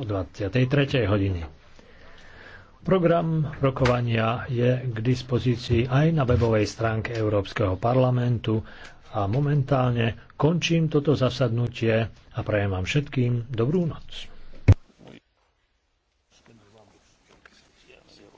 do 23. hodiny. Program rokovania je k dispozícii aj na webovej stránke Európskeho parlamentu a momentálne končím toto zasadnutie a prajem vám všetkým dobrú noc.